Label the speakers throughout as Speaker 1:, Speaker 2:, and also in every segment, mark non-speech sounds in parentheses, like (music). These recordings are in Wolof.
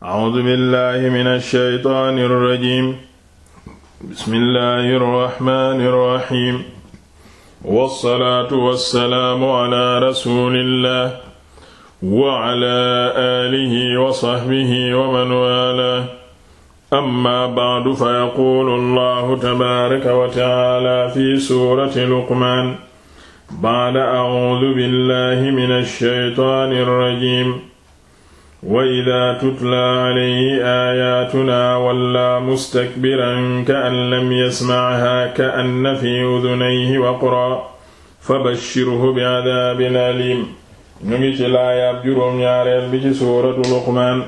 Speaker 1: A'uuzu billaahi mina shaytaani rajiim. Bismillaahi rahmaani rahiim. Wassalaatu wassalaamu alaa rasuulillaah wa alaa aalihi wa sahbihi wa man waalaah. Ammaa ba'du fa yaquulu Allaahu tabaaraka wa ta'aalaa fi suurati Luqmaan. Ba'da a'uuzu billaahi mina shaytaani rajiim. wa idaa tutla alayhi aayaatunaa wallaa mustakbiran ka'an lam yasma'haa ka'anna fii udunayhi waqraa fabashshirhu bi'adaabin aliim ñu ngi ci laayaab juróom-ñaareel bi ci suuratu Luqmaan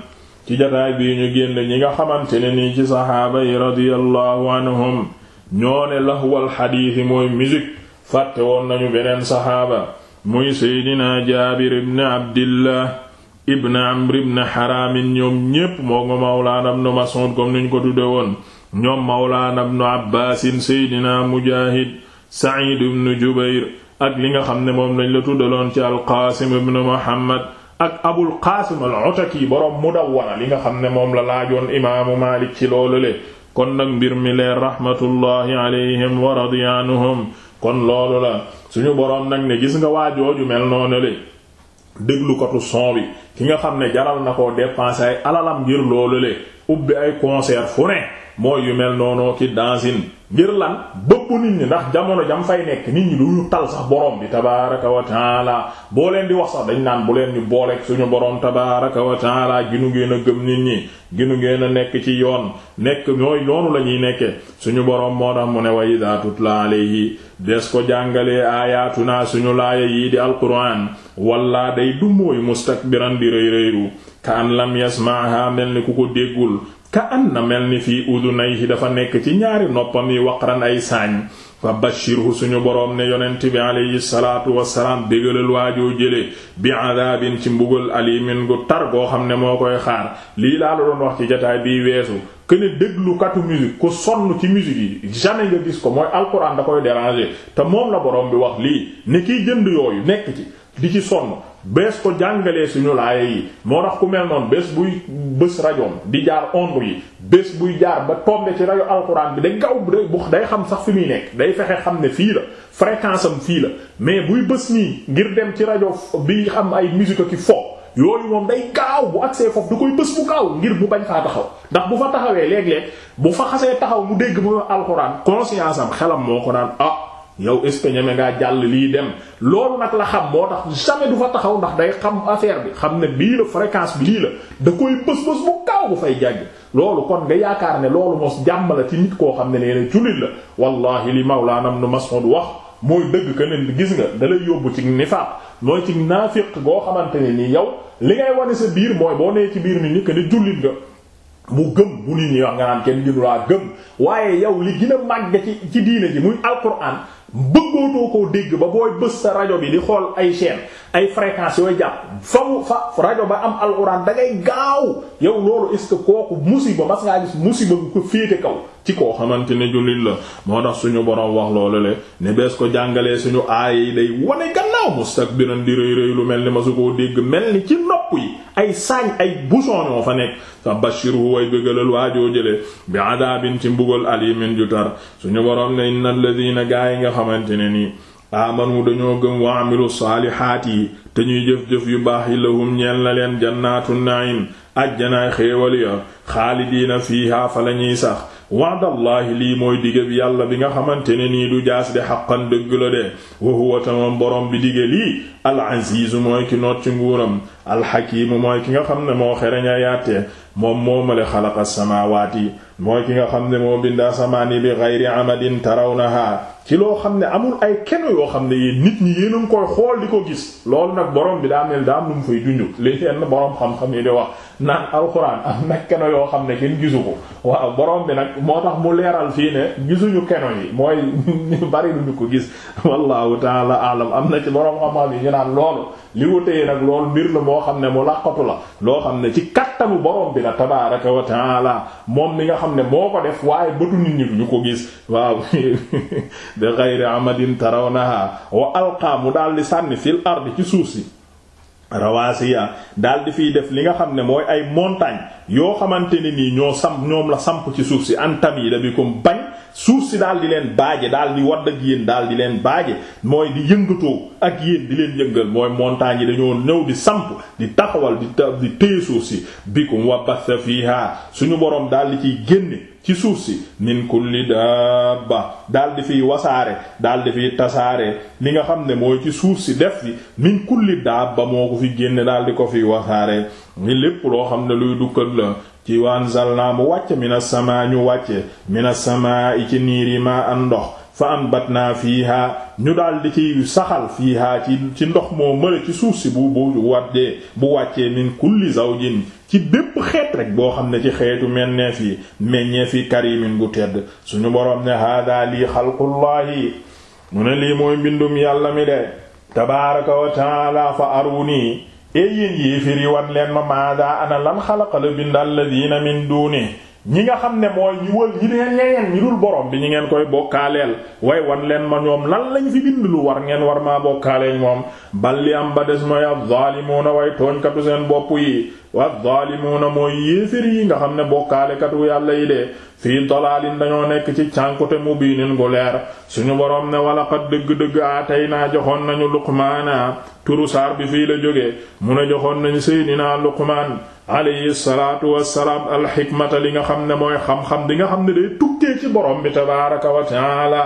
Speaker 1: ci jataay bii ñu génn ñi nga xamante ne nii ci saxaaba yi radiyallahu anhum ñoo ne lahwal xadiisi mooy musique fàtte woon nañu beneen saxaaba muy seydinaa Jaabir ibn Abdillah ibn amr ibn haramin ñoom ñépp moo ko mawlaana ibn mas'ud comme niñ ko tudde woon ñoom mawlaana ibn abbaasin seydina mujaahid sa'id ibn jubayr ak li nga xam ne moom lañ la tuddaloon ci alqaasim ibn muhammad ak abul qaasim al-utaki boroom mudawwana li nga xam ne moom la laajoon imaamu maalik ci loolu le kon nag mbir mi leer rahmatullahi alayhim wa radiyaanuhum kon loolu la suñu boroom nag ne gis nga waajooju mel noonu le déglukatu son bi ki nga xam ne jaral na ko dépenser ay alalam ngir loolu le ubbi ay concert fu ne mooy yu mel noonu ki dansine ngir lan bëpp nit ñi ndax jamono jam fay nekk nit ñi lu ñu tal sax borom bi tabaraka wa taala boo leen di wax sax dañ naan bu leen ñu booleek suñu borom tabaraka wa taala ginu ngeen a gëm nit ñi ginu ngeen a nekk ci yoon nekk ñooy yoonu la ñuy nekke suñu borom moo tax mu ne wa idaa tutla alayhi des ko jàngalee aayaatuna suñu laaya yii di alquran walla day du mooy mustakbiran di rëy rëyru ka an lam ku ko ka an na mel ni fii udunayhi dafa nekk ci ñaari noppam yi waqran ay saañ fa bashirhu suñu boroom ne yonent bi alayhi salaatu wasalaam bégalal waajoo jële bi adaabin ci mbugal alimin gu tar goo xam ne moo koy xaar lii laa la doon wax ci jataay bii weesu këne déglukatu musique ku sonn ci musique yi jamais nga gis ko mooy alxuraan da koy déranger te moom la boroom bi wax lii ne kiy jënd yooyu nekk ci di ci sonn bees ko jàngalee suñu laaya yi moo tax ku mel noonu bés buy bës rajoom di jaar onde yi bés buy jaar ba tombe ci rajo alxuraan bi da gaw bu day xam sax fi day fexe xam ne fii la fréquence am fii la mais buy bés nii ngir dem ci rajo bi xam ay musique ki fo yooyu moom day gaaw bu agsee foofu da koy bés bu gaaw ngir bu bañ faa taxaw ndax bu fa taxawee léeg-léeg bu fa xasee taxaw mu dégg mu alxuraan conscience am xelam moo ko naan ah yow est ce que ñeme ngaa jàll lii dem loolu nag la xam moo tax jamais du fa taxaw ndax day xam affaire bi xam ne bii la fréquence bi lii la da koy bës bës bu kaaw bu fay jàgg loolu kon nga yaakaar ne loolu mos jàmm la ci nit koo xam ne nee na jullit la wallahi li Mawlaana Ibn Mas'ud wax mooy dëgg que ne gis nga da lay yóbbu ci nifaaq mooy ci naafiq goo xamante ne nii yow li ngay wane sa biir mooy boo nee ci biir nit ñi que ne jullit nga. mu gëm bu nit ñi nga naan yow li gën a ci ci diine ji muy bëggootoo koo dégg ba booy bës sa rajo bi di xool ay chaîne ay fréquences yooy jàpp fa mu fa rajo ba am alxuraan da ngay gaaw yow loolu est-ce kooku musiba mas ngaa musiba bu ko féete kaw ci koo xamante ne jullit la moo tax suñu borom wax loolu le ne bees ko jàngalee suñu aaya yi day di rëy rëy lu mel ni ma su dégg mel ni ci nopp ay saañ ay bouchon ñoo fa nekk fa bashiru way bëggalal waajoo jële bi adabin ci mbugal alimin ju tar suñu borom ne innal gaa yi nga xamante ne nii amanu dañoo gëm wa amilu saalihaat yi te ñuy jëf-jëf yu baax yi lahum ñeel na leen jannaatu naim ajjanaay xéewal ya xaalidiina fiihaa fa la ñuy sax waadallaahi lii mooy dige bi yàlla bi nga xamante ne nii du jaas di xaqan dëgg la de wa huwa tamam borom bi dige lii al aziz mooy ki noot ci nguuram al hakiim mooy ki nga xam ne moo xereñ a yaate moom moomale xalaqa samaawaati mooy ki nga xam ne moo bindaa samaani bi ghayri amadin tarawnaha ci loo xam ne amul ay keno yoo xam ne yéen nit ñi xool di ko gis loolu nag borom bi daa mel daa am lu mu fay junju yenn borom xam-xam yi di wax naan alxuraan am nag keno yoo xam ne kenn gisu ko waaw borom bi nag moo tax mu leeral fii ne gisuñu keno yi mooy (laughs) ñu bari ko gis wallahu taala alam am na ci borom xam-xam yi ñu naan loolu li wutee nag loolu mbir la moo xam ne mu laqatu la loo xam ne ci kattanu borom bi la tabaaraka wa la moom mi nga xam ne moo ko def waaye bëtu nit ñi ñu ko gis waaw (laughs) bi ghayri amadin tarawnaha wa alqa mu daal di sànni fil ardi ci suuf si rawaasiya daal di fiy def li nga xam ne mooy ay montagne yoo xamante ne nii ñoo samp ñoom la samp ci suuf si antam yi da bi comme bañ suuf si daal di leen baaje daal di wadd ak yéen daal di leen baaje mooy di yëngatoo ak yéen di leen yëngal mooy montagnes yi dañoo ñëw di samp di taxawal di ta di téye suuf si bikum wa batha fiha suñu boroom daal di ciy génne ci suuf si min kulli dabba daal di fiy wasaare daal di fiy tasaare li nga xam ne mooy ci suuf si def fi min kulli dabba moo ko fi génne daal di ko fiy wasaare muy lépp loo xam ne luy dukkat la ci waan zalna mu wàcc mina sama ñu wàcce mina sama i ci niir yi ma an ndox fa ambatna fiiha ñu daal di ciy saxal fiiha ci ci ndox moo mala ci suuf si bu bu wàddee bu wàccee min kulli zawjin ci bépp xeet rek boo xam ne ci xeetu meññeef yi meññeef yi karimin bu tedd suñu boroom ne hada lii xalqullaahi mu ne lii mooy mbindum yàlla mi de tabaaraka wa taala fa aruni e yéen yi wan leen ma maada ana lan xalaqa la bind min duni ñi nga xam ne mooy ñu wël ñi neen ñeneen ñi dul borom bi ñu ngeen koy bokkaaleel way wan leen ma ñoom lan lañ fi bind lu war ngeen war maa bokkaaleeñ moom bal li am ba des mooy az na way tooñkatu seen bopp yi az-zaalimuuna mooy yéefér yi nga xam ne katu yàlla yi de fii dalaalin dañoo nekk ci cànkute mu biinin gu leer suñu borom ne wala walaqad dëgg-dëgg a tey naa joxoon nañu luqmaana turu saar bi fii la jógee mu ne joxoon nañu seydinaa luqmaan alayhi salaatu wassalaam alxikmata li nga xam ne mooy xam-xam di nga xam ne day tukkee ci borom bi tabaaraka wa taala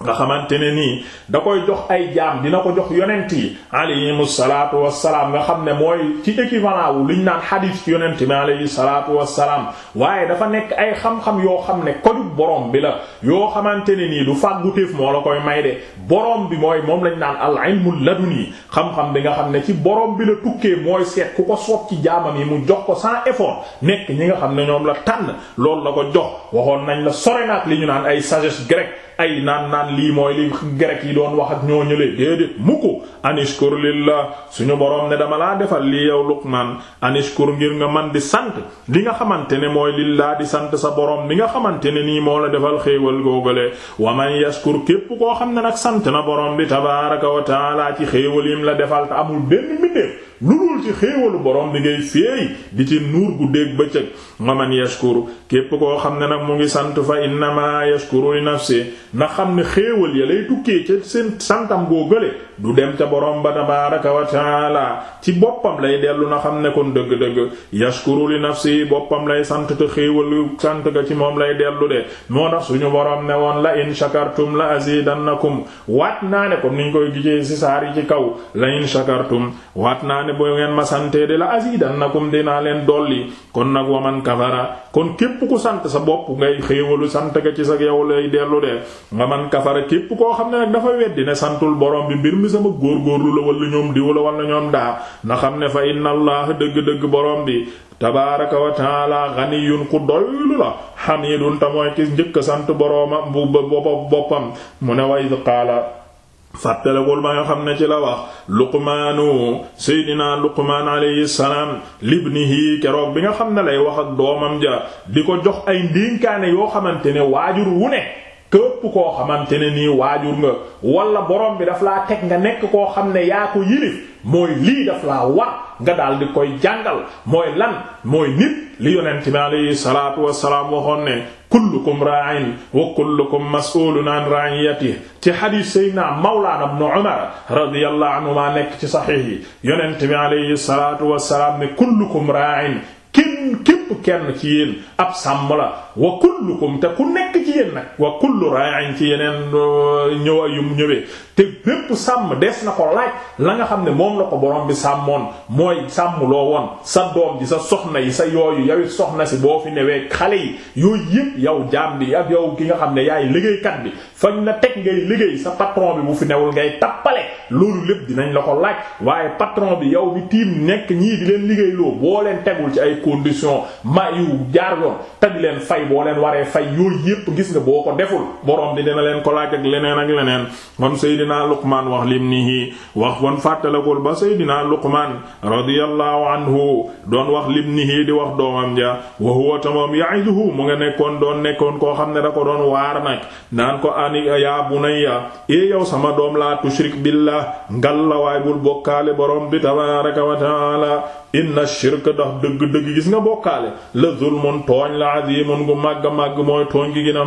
Speaker 1: nga xamante ne nii da koy jox ay jaam dina ko jox yonent yi alayhimu salaatu salaam nga xam ne mooy ci équivalent wu liñ naan xadiis yonent bi alayhi salaatu salaam waaye dafa nekk ay xam-xam yoo xam ne kojub borom bi la yoo xamante ne nii du fàggutéef moo la koy may de borom bi mooy moom lañ naan al ilmu laduni xam-xam bi nga xam ne ci borom bi la tukkee mooy seet ku ko soob ci jaamam yi mu jox ko sans effort nekk ñi nga xam ne ñoom la tànn loolu la ko jox waxoon nañ la sore li naan ay sagesse grecque ay naan lii mooy li grec yi doon wax ak ñoo ñëlee déedéet mukku anishkur lillah suñu boroom ne dama laa defal lii yow Luqman anishkur ngir nga man di sant li nga xamante ne mooy lillah di sant sa boroom li nga xamante ne nii moo la defal xéewal googale wa man yashkur képp koo xam ne nag sant na boroom bi tabaaraka wa taala ci xéewal yim la defal te amul benn mbindeef lu dul ci xéewalu borom bi ngay féey di ci nuur gu dégg bëccëg maman yashkuru képp koo xam ne nag mu ngi sant fa innama yashkuru li nafsi na xam ne xéewal ya lay tukkee ca seen santam goo du dem ca borom ba tabaaraka wa taala ci boppam lay dellu na xam ne kon dëgg-dëgg yashkuru li si boppam lay sant te xéewalu sant ko ci moom lay dellu de moo tax suñu borom ne woon la in shakartum la azidannakum waat naa ne kon nuñ koy gisee si saar yi ci kaw la ne boo ngeen ma santee de la azidannakum dinaa leen dolli kon nag waman kafara kon képp ku sant sa bopp ngay xéewalu sant ka ci sa yow lay dellu de waman kafara képp koo xam ne nag dafa weddi ne santul borom bi mbir mi sama góorgóorlu la wala ñoom diw la wala ñoom daa na xam ne fa inna dëgg-dëgg borom bi tabaaraka wa taala ganiyun ku doylu la hamidun ta mooy ki njëkk sant borooma bu boppam mu ne wa id fàttalekul ba nga xam ne ci la wax luqmaanu seydinaa luqmaan alayhi salaam libnihi keroog bi nga xam ne lay wax ak doomam ja di ko jox ay ndénkaane yoo xamante ne waajur wu ne képp koo xamante ne nii waajur nga wala borom bi daf laa teg nga nekk koo xam ne yaa ko yilif mooy lii daf laa war nga daal di koy jàngal mooy lan mooy nit li yonent bi alayhi salaatu wassalaam waxoon ne kullukum ra'in wa kullukum mas'ulun an ra'iyatihi ci hadith sayyidina mawlana ibn umar radiyallahu ma nekk ci sahih yi yonent bi alayhi salaatu wassalaam ne kullukum ra'in kenn képp kenn ci yéen ab sàmm wa kullukum te ku nekk ci yéen nag wa kullu ra'in ci yeneen ñëwa yum ñëwee te bépp sàmm des na ko laaj la nga xam ne moom la ko borom bi sàmmoon mooy sàmm loo woon sa doom bi sa soxna yi sa yooyu yawit soxna si boo fi newee xale yi yooyu yëpp yow jaam bi ak yow ki nga xam ne yaay liggéeykat bi fañ na teg ngay liggéey sa patron bi bu fi newul ngay tappale loolu lépp dinañ la ko laaj waaye patron bi yow mi tiim nekk ñii di leen liggéeyloo boo leen tegul ci ay condition ma yu jaar yoon te di leen fay boo leen waree fay yooyu yëpp gis nga boo ko deful borom bi dina leen ko laaj ak leneen ak leneen Seydina Luqmaan wax libnihi wax won fàttalakul ba Seydina Luqmaan radiyallahu anhu doon wax libnihi di wax doomam ja wa huwa tamam ya'iduhu mu nga nekkoon doon nekkoon koo xam ne da ko doon waar nag naan ko ani yaa bunayya e yow sama doom laa tushrik billah ngal la waay bul bokkaale borom bi tabaaraka wa ta'aala inna shirk ndax dëgg-dëgg gis nga bokkaale la zulmun tooñ la azimun gu màgg màgg mooy tooñ gi gën a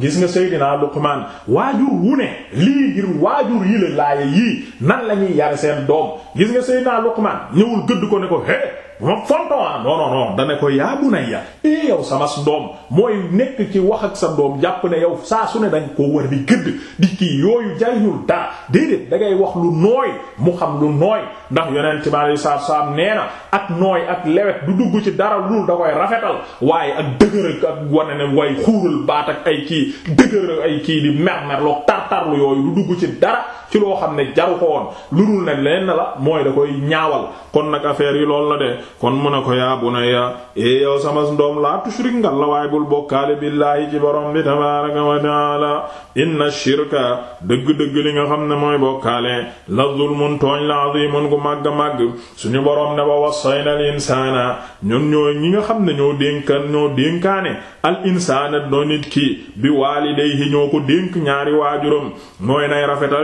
Speaker 1: gis nga Seydina Luqman waajur wu ne lii ngir waajur yi la laaya yii nan la ñuy yare seen doom gis nga Seydina Luqman ñëwul gëdd ko ne ko hé moom fonton ah non non non dana ko yaa ya eh yow sama doom mooy nekk ci wax ak sa doom jàpp ne yow saa su ne dañ koo war di gëdd di kii yooyu jariñul daa déedéet da ngay wax lu nooy mu xam lu nooy ndax yonent bi alayhi salaatu salaam nee na ak nooy ak lewet du dugg ci dara lu da koy rafetal waaye ak dëgër ak wane ne way xuural baat ak ay kii dëgër ay kii di mermerloog tartarlu yooyu du dugg ci dara. ci loo xam ne jaru ko woon lu dul nag leneen na la mooy da koy ñaawal kon nag affaire yi loolu la de kon mu ne ko yaa bu na ya e eh, sama doom laa tushrik ngal la waaye bul bokkaale billaahi ci borom bi tabaaraka wa taala inna shirka dëgg-dëgg li nga xam ne mooy bokkaale la zulmun tooñ la azimun gu màgg-màgg suñu borom ne wa wassayna al insaana ñun ñooy ñi nga xam ne ñoo dénkan ñoo dénkaane al insaana doo nit ki bi waalidayhi ñoo ko dénk ñaari waajuram mooy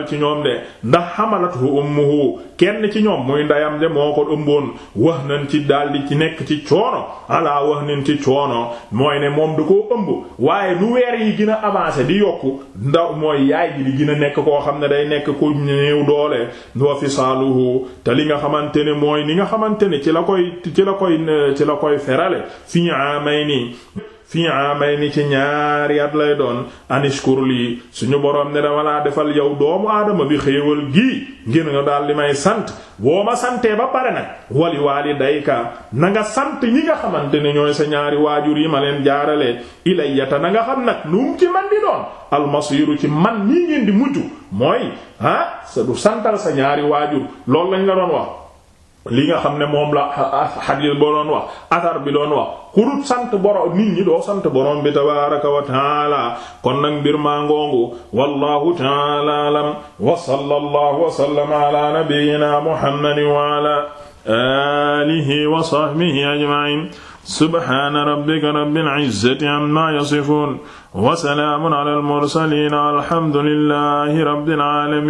Speaker 1: ci ñoo ndax de ndax xamalathu ummuhu kenn ci ñoom muy ndeyam de moo ko ëmboon wax nañ ci daldi ci nekk ci coono ala wax nañ ci coono mooy ne moom du koo ëmb waaye lu weer yi gën a avancé di yokk ndaw mooy yaay ji di nekk koo xam ne day nekk ku néew doole wa fisaaluhu te li nga xamante ne mooy ni nga xamante ne ci la koy ci la koy ci la koy ferale fi amayni fii ni ci ñaari at lay doon anishkur lii suñu boroom ne dama laa defal yow doomu aadama bi xéewal gii ngir nga daal li may sant boo ma santee ba pare nag wali waali dayka na nga sant ñi nga xamante ne ñooy sa ñaari waajur yi ma leen jaarale ilayyata na nga xam nag nu ci man di doon almasiiru ci man nii ngeen di mujj mooy ah sa du santal sa ñaari waajur loolu lañ la doon wax li nga xam ne moom la xadiis ba doon wax asar bi doon wax kurut sant borom nit ñi doo sant borom bi tabaaraka wa taala kon nag mbir maa ngoongu wallahu taala alam wa sallallahu wa sallama ala nabiyyina muhammadin wa ala alihi wa sahbihi ajma'in subhana rabbika rabbil izzati amma yasifun wa salaamun ala al mursalin alhamdulillahi rabbil alamin